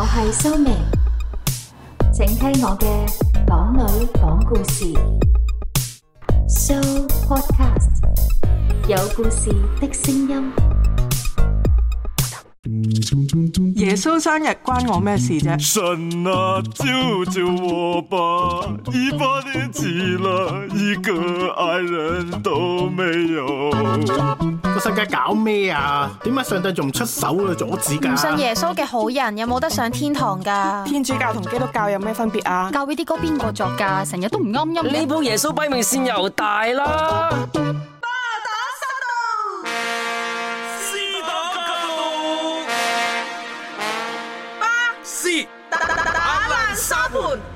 我係蘇明，請聽我嘅港女講故事，蘇 Podcast 有故事的聲音。耶穌生日關我咩事啫？神啊，照照我吧，依番啲字啦，一個愛人都未有。個世界搞咩啊？點解上帝仲唔出手去阻止噶？唔信耶穌嘅好人有冇得上天堂噶？天主教同基督教有咩分別啊？教呢啲歌邊個作噶？成日都唔啱音。呢部耶穌擺明先又大啦。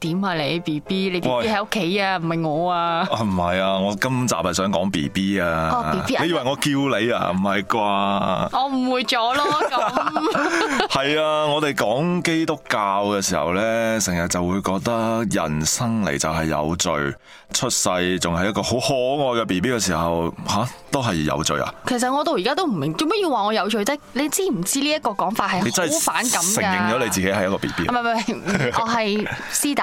點啊你 B B 你 B B 喺屋企啊，唔係喂我啊，啊，唔係啊，我今集係想講 B B 啊、哦、，BB，你以為我叫你啊，唔係啩？我誤會咗咯，咁係 啊，我哋講基督教嘅時候咧，成日就會覺得人生嚟就係有罪，出世仲係一個好可愛嘅 B B 嘅時候，吓、啊、都係有罪啊！其實我到而家都唔明，做乜要話我有罪的？你知唔知呢一個講法係好反感嘅？承認咗你自己係一個 B B，唔係唔係，我係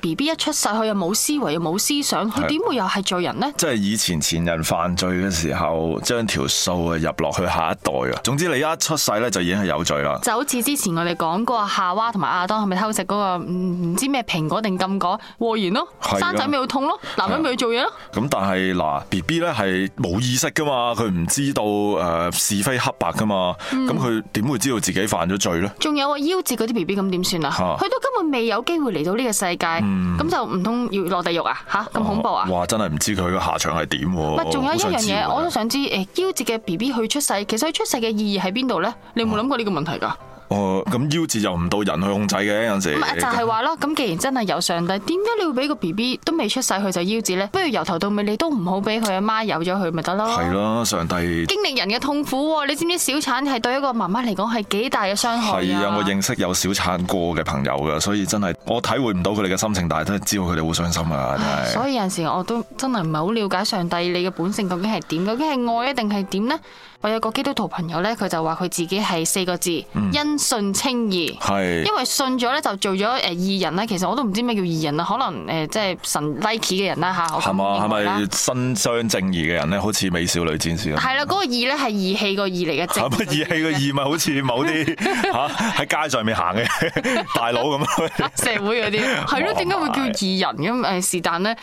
B B 一出世，佢又冇思維，又冇思想，佢點會又係罪人呢？即係以前前人犯罪嘅時候，將條數啊入落去下一代啊。總之你一出世咧，就已經係有罪啦。就好似之前我哋講過夏娃同埋亞當係咪偷食嗰、那個唔唔、嗯、知咩蘋果定禁果？禍延咯，的生仔咪會痛咯、啊，男人咪去做嘢咯、啊。咁但係嗱，B B 咧係冇意識噶嘛，佢唔知道誒、呃、是非黑白噶嘛，咁佢點會知道自己犯咗罪咧？仲有腰節寶寶啊，夭折嗰啲 B B 咁點算啊？佢都根本未有機會嚟到呢個世界。嗯，咁就唔通要落地獄啊？吓，咁恐怖啊！哇，真係唔知佢個下場係點。唔，仲有一樣嘢，我都想，想知。誒，夭折嘅 B B 去出世，其實佢出世嘅意義喺邊度咧？你有冇諗過呢個問題噶？啊哦，咁夭折又唔到人去控制嘅，有陣時。咪就係話咯，咁既然真係有上帝，點解你要俾個 BB 都未出世佢就夭折咧？不如由頭到尾你都唔好俾佢阿媽有咗佢咪得咯？係咯，上帝。經歷人嘅痛苦喎，你知唔知小產係對一個媽媽嚟講係幾大嘅傷害啊？係啊，我認識有小產過嘅朋友噶，所以真係我體會唔到佢哋嘅心情，但係都知道佢哋好傷心啊！係。所以有陣時我都真係唔係好了解上帝你嘅本性究竟係點？究竟係愛啊定係點咧？我有個基督徒朋友咧，佢就話佢自己係四個字：恩。信清義，是因為信咗咧就做咗誒義人咧。其實我都唔知咩叫義人啦，可能誒即係神 like 嘅人啦嚇，我咁認係咪伸張正義嘅人咧？好似美少女戰士。係啦，嗰個義咧係義氣個義嚟嘅。係乜義氣個義，咪好似某啲嚇喺街上面行嘅大佬咁樣？社會嗰啲。係咯， 點解會叫義人咁誒？是但咧。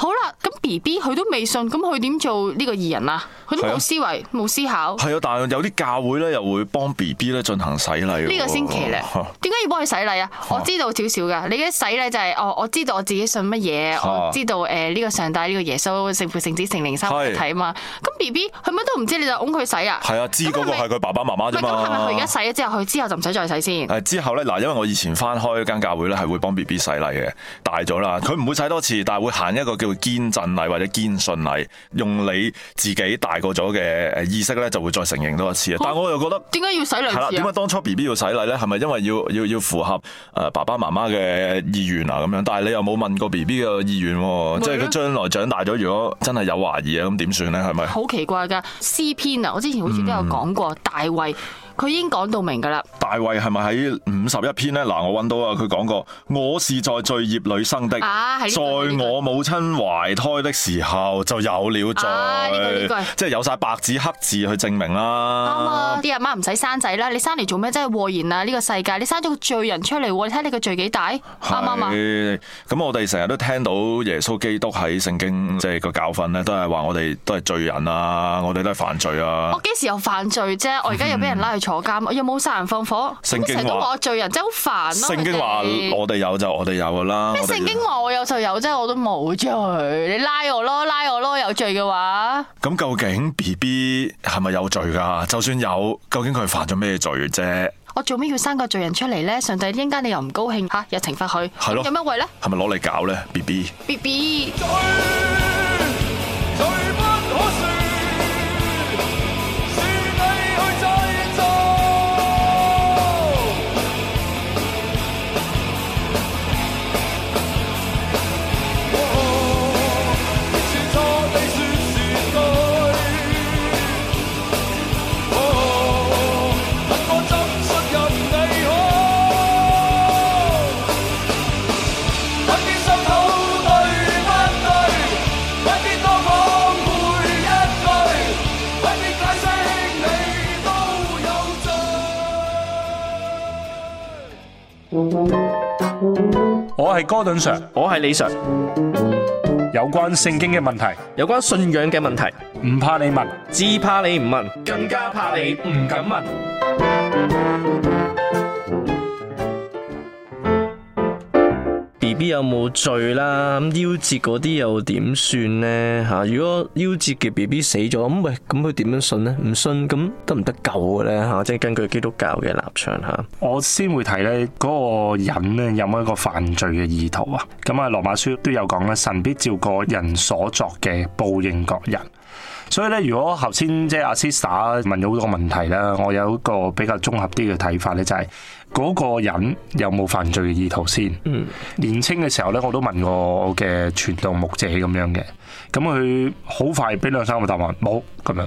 好啦，咁 B B 佢都未信，咁佢點做呢個義人啊？佢都冇思維，冇、啊、思考。係啊，但係有啲教會咧，又會幫 B B 咧進行洗禮、啊。呢個先奇咧，點解 要幫佢洗禮啊？我知道少少噶，你嘅洗禮就係、是、哦，我知道我自己信乜嘢，我知道誒呢、呃、 個上帝呢、這個耶穌聖父聖子聖靈三位一體啊嘛。咁 B B 佢乜都唔知，你就㧬佢洗啊？係啊，知嗰個係佢爸爸媽媽啫嘛、啊。係咪佢而家洗咗之後，佢之後就唔使再洗先、啊？之後咧嗱，因為我以前翻開一間教會咧，係會幫 B B 洗禮嘅，大咗啦，佢唔會洗多次，但係會行一個叫。會堅振禮或者堅信禮，用你自己大個咗嘅意識咧，就會再承認多一次。好但係我又覺得，點解要洗禮？係點解當初 B B 要洗禮咧？係咪因為要要要符合誒爸爸媽媽嘅意願啊？咁樣，但係你又冇問過 B B 嘅意願，的即係佢將來長大咗，如果真係有懷疑啊，咁點算咧？係咪？好奇怪噶，詩篇啊，我之前好似都有講過、嗯、大衛。佢已經講到明㗎啦。大衛係咪喺五十一篇咧？嗱，我揾到啊，佢講過：我是在罪孽裏生的，啊這個、在我母親懷胎的時候就有了罪。呢句、啊這個這個、即係有晒白紙黑字去證明啦。啱啊！啲阿媽唔使生仔啦，你生嚟做咩啫？真係禍言啊！呢、這個世界，你生咗個罪人出嚟喎，你睇你個罪幾大？啱啱啊？咁我哋成日都聽到耶穌基督喺聖經即係個教訓咧，都係話我哋都係罪人啊，我哋都係犯罪啊。我幾時有犯罪啫？我而家又俾人拉去。 坐監 有冇殺人放火？聖經成日都話我罪人，真係好煩咯。聖經話我哋有就我哋有噶啦。咩聖經話我有就有啫，我都冇啫。你拉我咯，拉我咯，有罪嘅話。咁究竟 B B 係咪有罪㗎？就算有，究竟佢犯咗咩罪啫？我做咩要生個罪人出嚟咧？上帝一陣間你又唔高興嚇、啊，又懲罰佢。係咯了，有咩為咧？係咪攞嚟搞咧？B B B B。BB 哥頓，Gordon Sir，我係李 Sir。有關聖經嘅問題，有關信仰嘅問題，唔怕你問，只怕你唔問，更加怕你唔敢問。B 有冇罪啦？咁夭折嗰啲又點算呢？吓，如果夭折嘅 B B 死咗，咁喂，咁佢點樣信呢？唔信咁得唔得救咧？吓，即係根據基督教嘅立場吓，我先會睇呢嗰個人咧有冇一個犯罪嘅意圖啊？咁啊，羅馬書都有講咧，神必照個人所作嘅報應各人。所以呢，如果頭先即係阿 Sister 問咗好多問題啦，我有一個比較綜合啲嘅睇法呢，就係、是。嗰個人有冇犯罪嘅意圖先？嗯，年青嘅時候咧，我都問過我嘅傳道牧者咁樣嘅。咁佢好快俾兩三個答案，冇咁樣。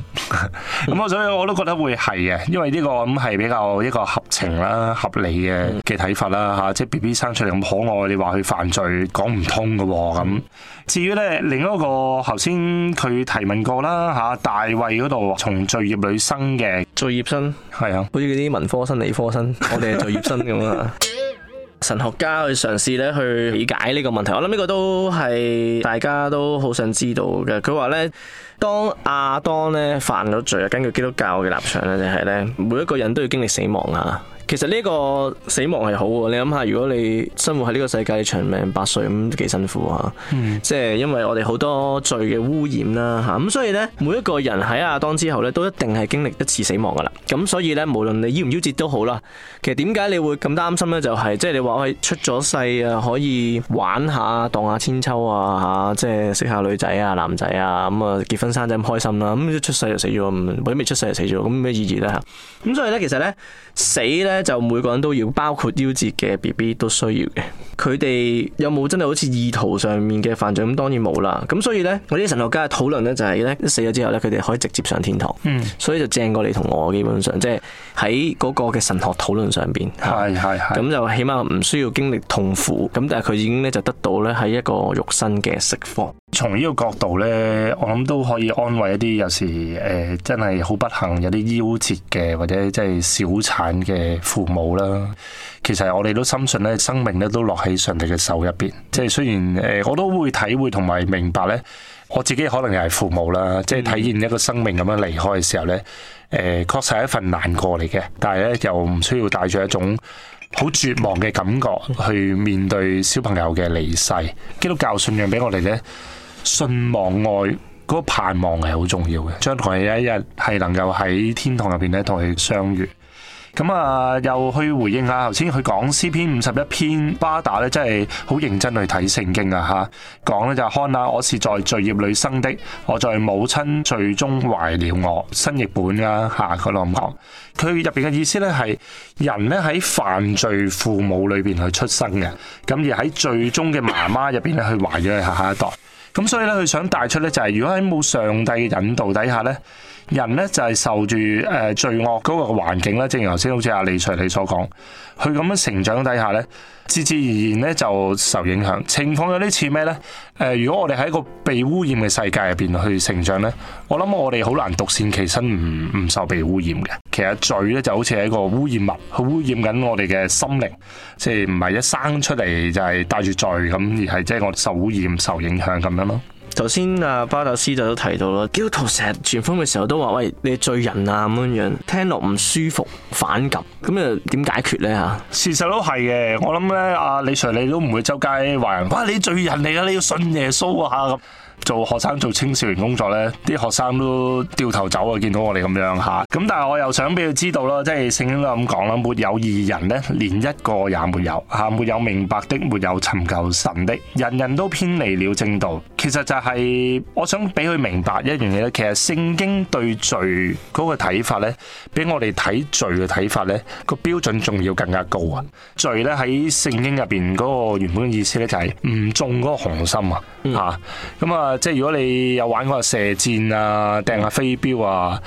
咁 啊，所以我都覺得會係嘅，因為呢個咁係比較一個合情啦、合理嘅嘅睇法啦吓，嗯、即係 B B 生出嚟咁可愛，你話佢犯罪，講唔通㗎喎、哦。咁至於呢，另一個頭先佢提問過啦吓、啊，大衞嗰度從罪業女生嘅罪業生，係啊，好似啲文科生、理科生，我哋係罪業生咁啊。 神學家去嘗試咧去理解呢個問題，我諗呢個都係大家都好想知道嘅。佢話咧，當亞當咧犯咗罪啊，根據基督教嘅立場咧，就係咧每一個人都要經歷死亡啊。其實呢個死亡係好嘅，你諗下，如果你生活喺呢個世界長命百歲咁，幾辛苦啊！即係 因為我哋好多罪嘅污染啦，吓、啊、咁，所以咧，每一個人喺亞當之後咧，都一定係經歷一次死亡噶啦。咁、啊、所以咧，無論你夭唔夭折都好啦。其實點解你會咁擔心咧？就係即係你話喺出咗世啊，可以玩下，蕩下千秋啊，吓即係識下女仔啊、男仔啊，咁啊結婚生仔咁開心啦。咁、啊、一、嗯、出世就死咗，未鬼咩出世就死咗，咁、啊、咩意義咧？吓咁所以咧，其實咧死咧。死就每個人都要，包括夭折嘅 B B 都需要嘅。佢哋有冇真係好似意圖上面嘅犯罪？咁當然冇啦。咁所以咧，我啲神學家嘅討論咧，就係、是、咧死咗之後咧，佢哋可以直接上天堂。嗯，所以就正過你同我，基本上即係喺嗰個嘅神學討論上邊。係係、嗯。咁是就起碼唔需要經歷痛苦。咁但係佢已經咧就得到咧喺一個肉身嘅釋放。從呢個角度咧，我諗都可以安慰一啲有時誒、呃、真係好不幸有啲夭折嘅或者即係小產嘅。父母啦，其實我哋都深信咧，生命咧都落喺上帝嘅手入邊。即係雖然誒、呃，我都會體會同埋明白咧，我自己可能又係父母啦，即係體驗一個生命咁樣離開嘅時候咧，誒、呃，確實係一份難過嚟嘅。但係咧，又唔需要帶住一種好絕望嘅感覺去面對小朋友嘅離世。基督教信仰俾我哋咧，信望愛嗰個盼望係好重要嘅，將來有一日係能夠喺天堂入邊咧同佢相遇。咁啊，又去回應下頭先佢講詩篇五十一篇巴打咧，真係好認真去睇聖經啊！吓講咧就看啊，ana, 我是在罪孽裏生的，我在母親最終懷了我，新譯本啊，吓、啊。佢咁講，佢入邊嘅意思咧係人咧喺犯罪父母裏邊去出生嘅，咁而喺最終嘅媽媽入邊咧去懷咗佢下下一代。咁所以咧，佢想帶出咧就係、是、如果喺冇上帝嘅引導底下咧。人咧就係、是、受住誒、呃、罪惡嗰個環境咧，正如頭先好似阿李 sir 你所講，佢咁樣成長底下咧，自自然然咧就受影響。情況有啲似咩咧？誒、呃，如果我哋喺一個被污染嘅世界入邊去成長咧，我諗我哋好難獨善其身，唔唔受被污染嘅。其實罪咧就好似係一個污染物，去污染緊我哋嘅心靈，即係唔係一生出嚟就係帶住罪咁，而係即係我受污染、受影響咁樣咯。頭先啊巴達斯就都提到咯，基督徒成日傳福音嘅時候都話喂，你罪人啊咁樣樣，聽落唔舒服，反感，咁又點解決咧吓？事實都係嘅，我諗咧阿李 Sir 你都唔會周街話人，哇，你罪人嚟噶，你要信耶穌啊咁。做學生做青少年工作呢啲學生都掉頭走啊！見到我哋咁樣吓，咁但係我又想俾佢知道啦，即係聖經都咁講啦，沒有義人呢，連一個也沒有吓，啊，沒有明白的，沒有尋求神的，人人都偏離了正道。其實就係、是，我想俾佢明白一樣嘢咧，其實聖經對罪嗰個睇法呢，比我哋睇罪嘅睇法呢，個標準仲要更加高啊！罪呢喺聖經入邊嗰個原本嘅意思呢，就係唔中嗰個紅心啊吓，咁啊。即係如果你有玩嗰個射箭啊，掟下飛鏢啊，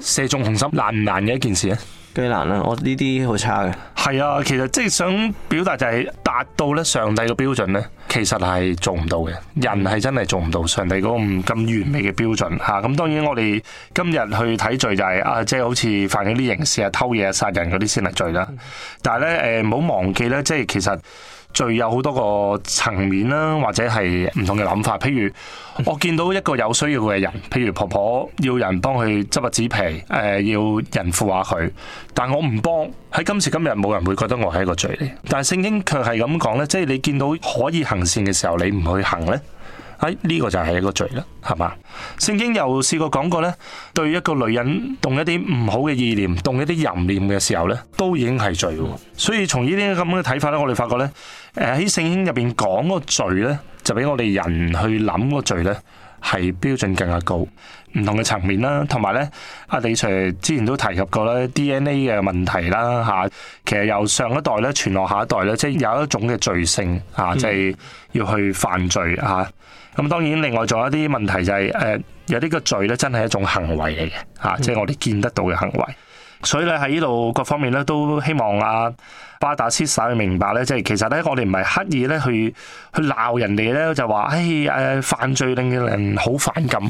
射中紅心難唔難嘅一件事咧？幾難啊！我呢啲好差嘅。係啊，其實即係想表達就係達到咧上帝嘅標準咧，其實係做唔到嘅。人係真係做唔到上帝嗰個咁完美嘅標準吓。咁、啊、當然我哋今日去睇罪就係、是、啊，即係好似犯咗啲刑事啊、偷嘢啊、殺人嗰啲先係罪啦。嗯、但係咧誒，呃、唔好忘記咧，即係其實。罪有好多個層面啦，或者係唔同嘅諗法。譬如我見到一個有需要嘅人，譬如婆婆要人幫佢執下紙皮，誒、呃、要人扶下佢，但我唔幫。喺今時今日，冇人會覺得我係一個罪嚟。但係聖經卻係咁講呢，即係你見到可以行善嘅時候，你唔去行呢。呢個就係一個罪啦，係嘛？聖經又試過講過咧，對一個女人動一啲唔好嘅意念，動一啲淫念嘅時候咧，都已經係罪。所以從呢啲咁嘅睇法咧，我哋發覺咧，誒喺聖經入邊講嗰個罪咧，就比我哋人去諗嗰個罪咧，係標準更加高。唔同嘅層面啦，同埋咧，阿李 Sir 之前都提及過咧，DNA 嘅問題啦，吓，其實由上一代咧傳落下一代咧，即係有一種嘅罪性啊，即係要去犯罪啊。咁當然，另外仲有一啲問題就係誒，有啲個罪咧，真係一種行為嚟嘅嚇，即係我哋見得到嘅行為。所以咧喺呢度各方面咧，都希望阿巴達師父明白咧，即係其實咧，我哋唔係刻意咧去去鬧人哋咧，就話誒犯罪令啲人好反感。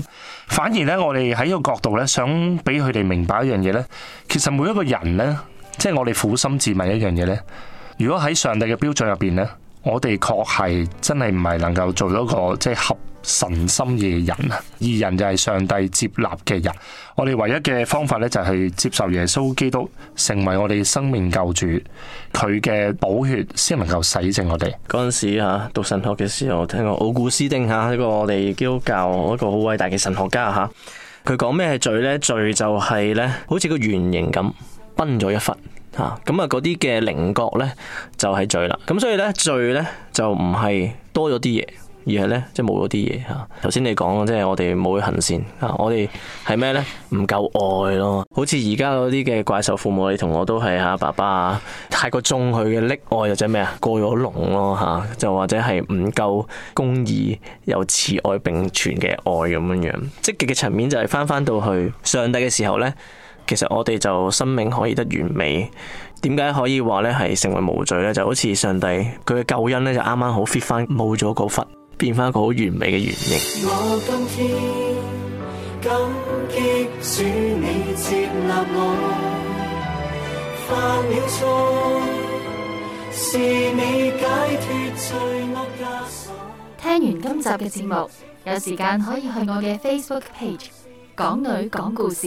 反而咧，我哋喺呢個角度咧，想俾佢哋明白一樣嘢咧，其實每一個人咧，即係我哋苦心自問一樣嘢咧，如果喺上帝嘅標準入邊咧。我哋確係真係唔係能夠做到個即係合神心意嘅人啊！義人就係上帝接納嘅人。我哋唯一嘅方法呢，就係接受耶穌基督成為我哋生命救主，佢嘅寶血先能夠洗淨我哋。嗰陣時吓讀神學嘅時候，我聽過奧古斯丁吓呢、這個我哋基督教一個好偉大嘅神學家吓，佢講咩係罪呢？罪就係呢，好似個圓形咁崩咗一忽。吓咁啊，嗰啲嘅靈覺咧就係罪啦，咁所以咧罪咧就唔係多咗啲嘢，而係咧即係冇咗啲嘢吓。頭先你講即係我哋冇行善啊，我哋係咩咧？唔夠愛咯，好似而家嗰啲嘅怪獸父母，你同我都係吓、啊、爸爸啊，太過重佢嘅溺愛或者咩啊，過咗龍咯吓，就或者係唔夠公義又慈愛並存嘅愛咁樣樣。積極嘅層面就係翻翻到去上帝嘅時候咧。其實我哋就生命可以得完美，點解可以話咧係成為無罪咧？就好似上帝佢嘅救恩咧，就啱啱好 fit 翻冇咗個窟，變翻一個好完美嘅圓形。我今天感激住你接納我，犯了錯，是你解脫罪惡枷鎖。聽完今集嘅節目，有時間可以去我嘅 Facebook page《港女講故事》。